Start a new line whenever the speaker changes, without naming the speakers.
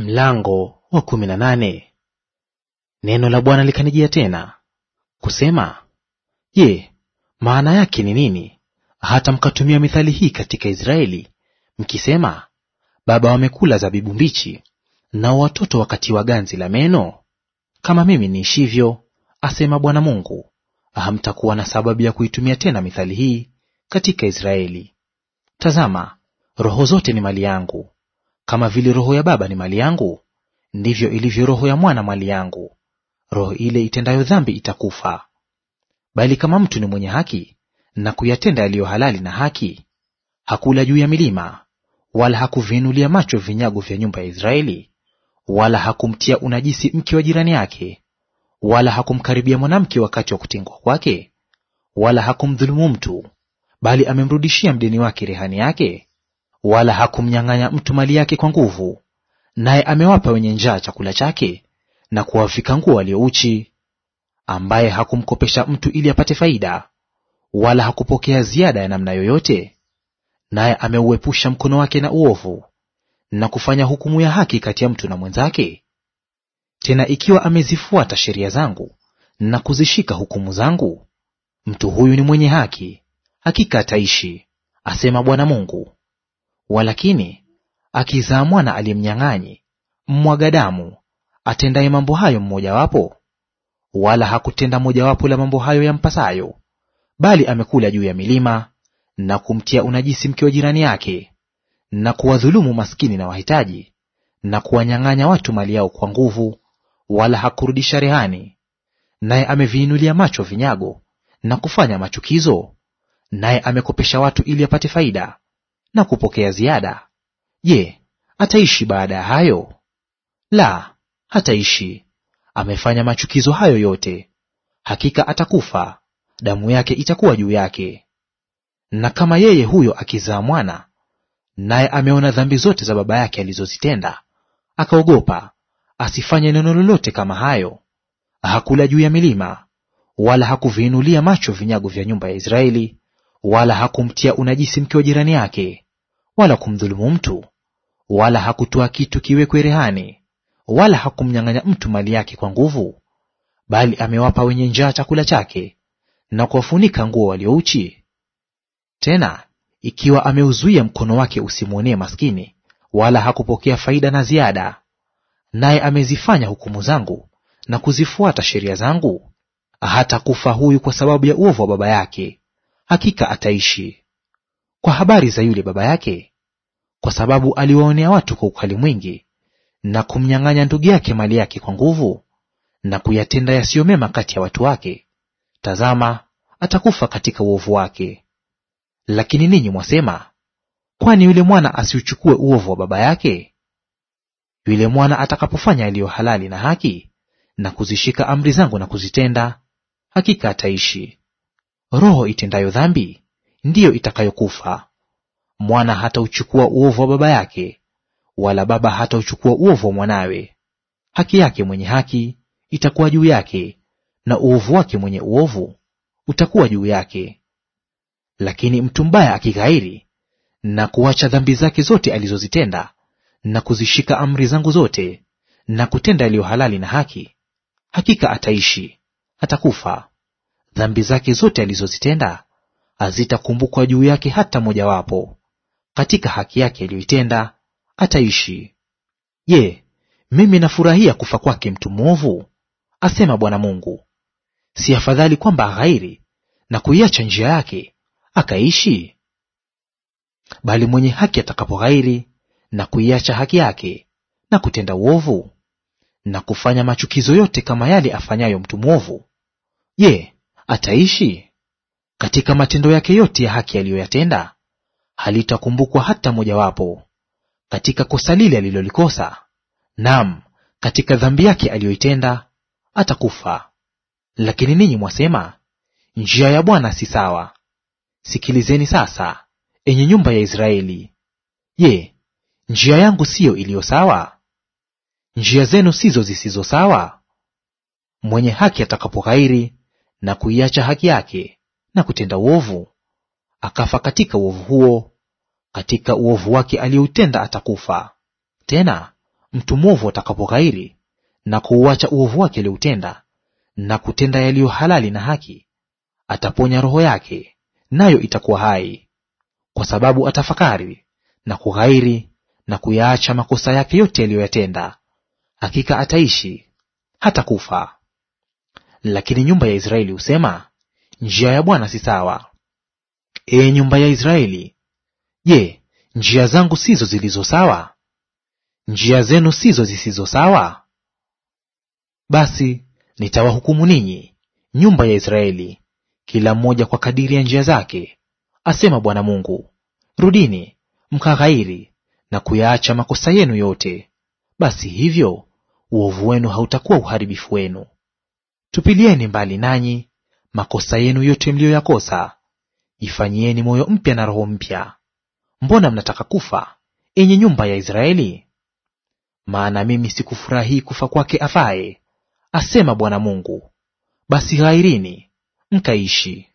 Mlango wa kumi na nane. Neno la Bwana likanijia tena kusema, Je, maana yake ni nini hata mkatumia mithali hii katika Israeli mkisema, baba wamekula zabibu mbichi, nao watoto wakatiwa ganzi la meno? Kama mimi niishivyo, asema Bwana Mungu, hamtakuwa na sababu ya kuitumia tena mithali hii katika Israeli. Tazama, roho zote ni mali yangu kama vile roho ya baba ni mali yangu, ndivyo ilivyo roho ya mwana mali yangu. Roho ile itendayo dhambi itakufa. Bali kama mtu ni mwenye haki na kuyatenda yaliyo halali na haki, hakula juu ya milima, wala hakuviinulia macho vinyago vya nyumba ya Israeli, wala hakumtia unajisi mke wa jirani yake, wala hakumkaribia mwanamke wakati wa kutengwa kwake, wala hakumdhulumu mtu, bali amemrudishia mdeni wake rehani yake wala hakumnyang'anya mtu mali yake kwa nguvu, naye amewapa wenye njaa chakula chake na kuwavika nguo waliouchi, ambaye hakumkopesha mtu ili apate faida, wala hakupokea ziada ya namna yoyote, naye ameuepusha mkono wake na uovu, na kufanya hukumu ya haki kati ya mtu na mwenzake. Tena ikiwa amezifuata sheria zangu na kuzishika hukumu zangu, mtu huyu ni mwenye haki, hakika ataishi, asema Bwana Mungu. Walakini akizaa mwana aliyemnyang'anyi, mmwaga damu, atendaye mambo hayo mmojawapo, wala hakutenda mojawapo la mambo hayo yampasayo, bali amekula juu ya milima na kumtia unajisi mke wa jirani yake, na kuwadhulumu maskini na wahitaji, na kuwanyang'anya watu mali yao kwa nguvu, wala hakurudisha rehani; naye ameviinulia macho vinyago na kufanya machukizo, naye amekopesha watu ili apate faida na kupokea ziada, je, ataishi baada ya hayo? La, hataishi. Amefanya machukizo hayo yote, hakika atakufa, damu yake itakuwa juu yake. Na kama yeye huyo akizaa mwana, naye ameona dhambi zote za baba yake alizozitenda, akaogopa asifanye neno lolote kama hayo, hakula juu ya milima, wala hakuviinulia macho vinyago vya nyumba ya Israeli wala hakumtia unajisi mke wa jirani yake, wala kumdhulumu mtu, wala hakutoa kitu kiwekwe rehani, wala hakumnyang'anya mtu mali yake kwa nguvu, bali amewapa wenye njaa chakula chake na kuwafunika nguo waliouchi. Tena ikiwa ameuzuia mkono wake usimwonee maskini, wala hakupokea faida na ziada, naye amezifanya hukumu zangu na kuzifuata sheria zangu, hata kufa huyu kwa sababu ya uovu wa baba yake hakika ataishi kwa habari za yule baba yake, kwa sababu aliwaonea watu kwa ukali mwingi, na kumnyang'anya ndugu yake mali yake kwa nguvu, na kuyatenda yasiyo mema kati ya watu wake, tazama, atakufa katika uovu wake. Lakini ninyi mwasema, kwani yule mwana asiuchukue uovu wa baba yake? Yule mwana atakapofanya yaliyo halali na haki, na kuzishika amri zangu na kuzitenda, hakika ataishi. Roho itendayo dhambi ndiyo itakayokufa. Mwana hatauchukua uovu wa baba yake, wala baba hatauchukua uovu wa mwanawe. Haki yake mwenye haki itakuwa juu yake, na uovu wake mwenye uovu utakuwa juu yake. Lakini mtu mbaya akighairi na kuacha dhambi zake zote alizozitenda, na kuzishika amri zangu zote, na kutenda yaliyo halali na haki, hakika ataishi, hatakufa. Dhambi zake zote alizozitenda hazitakumbukwa juu yake hata mojawapo. Katika haki yake aliyoitenda ataishi. Je, mimi nafurahia kufa kwake mtu mwovu? asema Bwana Mungu. Si afadhali kwamba aghairi na kuiacha njia yake akaishi? Bali mwenye haki atakapoghairi na kuiacha haki yake na kutenda uovu na kufanya machukizo yote kama yale afanyayo mtu mwovu, je, ataishi katika matendo yake yote ya haki aliyoyatenda, halitakumbukwa hata mojawapo. Katika kosa lile alilolikosa, naam, katika dhambi yake aliyoitenda atakufa. Lakini ninyi mwasema, njia ya Bwana si sawa. Sikilizeni sasa, enye nyumba ya Israeli. Je, njia yangu siyo iliyo sawa? Njia zenu sizo zisizo sawa? Mwenye haki atakapokairi na kuiacha haki yake na kutenda uovu, akafa katika uovu huo, katika uovu wake aliyoutenda atakufa. Tena mtu mwovu atakapoghairi na kuuacha uovu wake aliyoutenda na kutenda yaliyo halali na haki, ataponya roho yake, nayo itakuwa hai, kwa sababu atafakari na kughairi na kuyaacha makosa yake yote aliyoyatenda; hakika ataishi, hatakufa. Lakini nyumba ya Israeli husema, njia ya Bwana si sawa. e nyumba ya Israeli, je, njia zangu sizo zilizo sawa? Njia zenu sizo zisizo sawa? Basi nitawahukumu ninyi, nyumba ya Israeli, kila mmoja kwa kadiri ya njia zake, asema Bwana Mungu. Rudini mkaghairi na kuyaacha makosa yenu yote, basi hivyo uovu wenu hautakuwa uharibifu wenu. Tupilieni mbali nanyi makosa yenu yote mliyoyakosa, ifanyieni moyo mpya na roho mpya. Mbona mnataka kufa, enye nyumba ya Israeli? Maana mimi sikufurahii kufa kwake afaye, asema Bwana Mungu. Basi ghairini mkaishi.